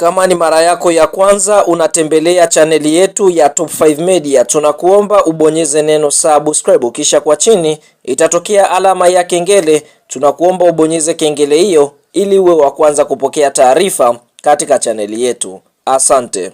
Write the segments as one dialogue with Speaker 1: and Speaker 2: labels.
Speaker 1: Kama ni mara yako ya kwanza unatembelea chaneli yetu ya Top 5 Media, tunakuomba ubonyeze neno subscribe, kisha kwa chini itatokea alama ya kengele. Tunakuomba ubonyeze kengele hiyo ili uwe wa kwanza kupokea taarifa katika chaneli yetu. Asante.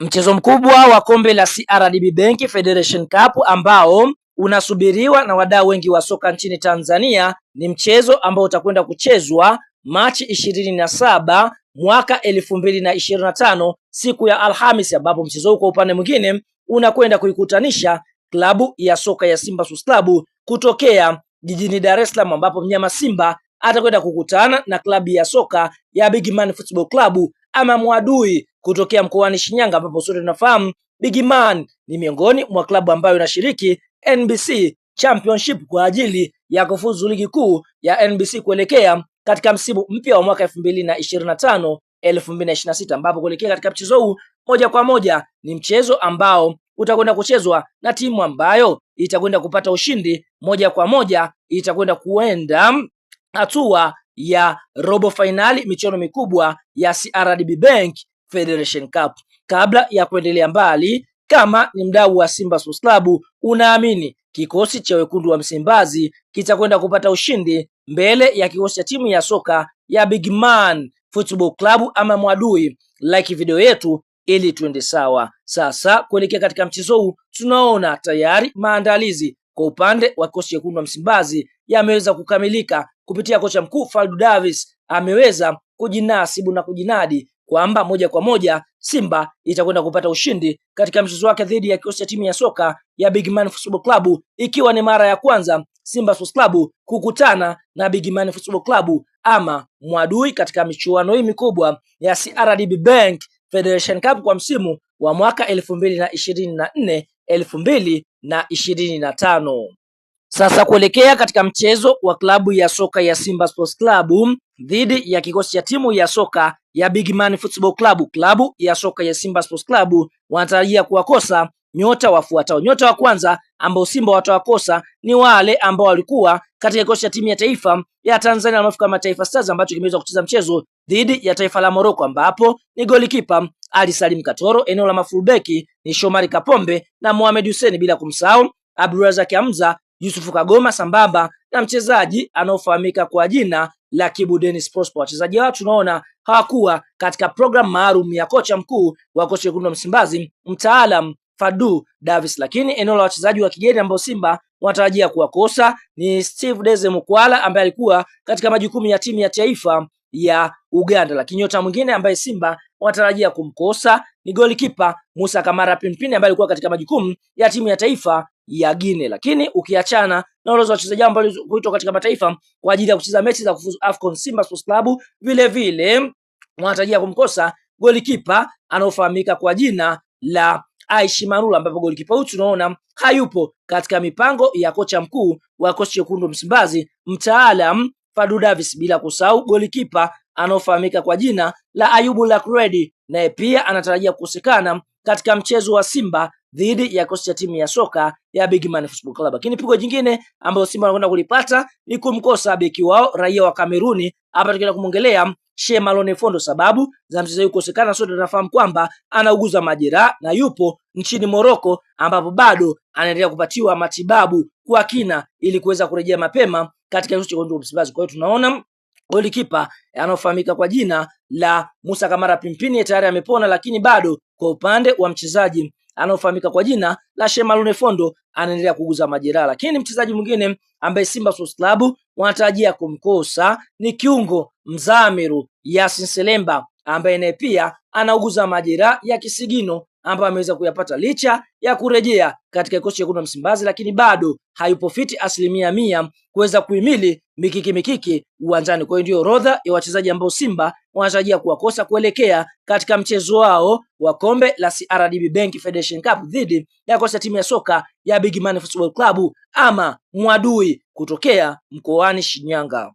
Speaker 2: Mchezo mkubwa wa kombe la CRDB Bank Federation Cup ambao unasubiriwa na wadau wengi wa soka nchini Tanzania. Ni mchezo ambao utakwenda kuchezwa Machi ishirini na saba mwaka elfu mbili na ishirini na tano siku ya Alhamisi, ambapo mchezo huu kwa upande mwingine unakwenda kuikutanisha klabu ya soka ya Simba Sports Club kutokea jijini Dar es Salaam, ambapo mnyama Simba atakwenda kukutana na klabu ya soka ya Man Football Club ama Mwadui kutokea mkoani Shinyanga, ambapo sote tunafahamu Man ni miongoni mwa klabu ambayo inashiriki NBC Championship kwa ajili ya kufuzu ligi kuu ya NBC kuelekea katika msimu mpya wa mwaka 2025 2026, ambapo kuelekea katika mchezo huu moja kwa moja ni mchezo ambao utakwenda kuchezwa na timu ambayo itakwenda kupata ushindi moja kwa moja itakwenda kuenda hatua ya robo fainali michuano mikubwa ya CRDB Bank Federation Cup. Kabla ya kuendelea mbali, kama ni mdau wa Simba Sports Club, unaamini kikosi cha wekundu wa Msimbazi kitakwenda kupata ushindi mbele ya kikosi cha timu ya soka ya Big Man Football Club ama Mwadui? Like video yetu ili tuende sawa. Sasa kuelekea katika mchezo huu, tunaona tayari maandalizi kwa upande wa kikosi cha wekundu wa Msimbazi yameweza kukamilika kupitia kocha mkuu Faldu Davis ameweza kujinasibu na kujinadi kwamba moja kwa moja Simba itakwenda kupata ushindi katika mchezo wake dhidi ya kikosi cha timu ya soka ya Big Man Football Club, ikiwa ni mara ya kwanza Simba Sports Club kukutana na Big Man Football Club ama mwadui katika michuano hii mikubwa ya CRDB Bank Federation Cup kwa msimu wa mwaka elfu mbili na ishirini na nne elfu mbili na ishirini na tano. Sasa kuelekea katika mchezo wa klabu ya soka ya Simba Sports Club dhidi ya kikosi cha timu ya soka ya Big Man Football Club, klabu ya soka ya Simba Sports Club wanatarajia kuwakosa nyota wafuatao. Nyota wa kwanza ambao Simba watawakosa ni wale ambao walikuwa katika kikosi cha timu ya taifa ya Tanzania maarufu kama Taifa Stars ambacho kimeweza kucheza mchezo dhidi ya taifa la Morocco, ambapo ni golikipa Ali Salim Katoro, eneo la mafulbeki ni Shomari Kapombe na Mohamed Hussein, bila kumsahau Abdulrazak Hamza Yusufu Kagoma sambamba na mchezaji anaofahamika kwa jina la Kibu Dennis Prosper. Wachezaji hao tunaona hawakuwa katika programu maalum ya kocha mkuu wa kocha wekundu wa Msimbazi mtaalam Fadu Davis, lakini eneo la wachezaji wa kigeni ambao Simba wanatarajia kuwakosa ni Steve Deze Mukwala ambaye alikuwa katika majukumu ya timu ya taifa ya Uganda, lakini nyota mwingine ambaye Simba wanatarajia kumkosa ni golikipa Musa Kamara Pimpini ambaye alikuwa katika majukumu ya timu ya taifa ya Guinea, lakini ukiachana na wale wachezaji ambao huitwa katika mataifa kwa ajili ya kucheza mechi za kufuzu AFCON, Simba Sports Club vile vile wanatarajia kumkosa golikipa anaofahamika kwa jina la Aishi Manula, ambapo golikipa huyu tunaona hayupo katika mipango ya kocha mkuu wa kikosi chekundu Msimbazi mtaalam Fadu Davis, bila kusahau golikipa anaofahamika kwa jina la Ayubu Lakredi, naye pia anatarajia kukosekana katika mchezo wa Simba dhidi ya kosi cha timu ya soka ya Big Man Football Club. Lakini pigo jingine ambalo Simba wanakwenda kulipata ni kumkosa beki wao raia wa Kameruni, hapa tukienda kumwongelea Malone Fondo. Sababu za mchezaji kukosekana, sote tunafahamu kwamba anauguza majeraha na yupo nchini Moroko, ambapo bado anaendelea kupatiwa matibabu kwa kina ili kuweza kurejea mapema katika kikosi cha Wekundu wa Msimbazi. Kwa hiyo tunaona golikipa anaofahamika kwa jina la Musa Kamara Pimpini tayari amepona, lakini bado kwa upande wa mchezaji anayofahamika kwa jina la Shemalone Fondo anaendelea kuguza majeraha, lakini mchezaji mwingine ambaye Simba Sports Club wanatarajia kumkosa ni kiungo Mzamiru Yasin Selemba ambaye naye pia anauguza majeraha ya kisigino ambayo ameweza kuyapata licha ya kurejea katika kikosi cha wekundu Msimbazi, lakini bado hayupo fiti asilimia mia kuweza kuhimili mikiki mikiki uwanjani. Kwa hiyo ndio orodha ya wachezaji ambao Simba wanatarajia kuwakosa kuelekea katika mchezo wao wa kombe la CRDB Bank Federation Cup dhidi ya kosa timu ya soka ya Big Man Football Club ama Mwadui kutokea mkoani Shinyanga.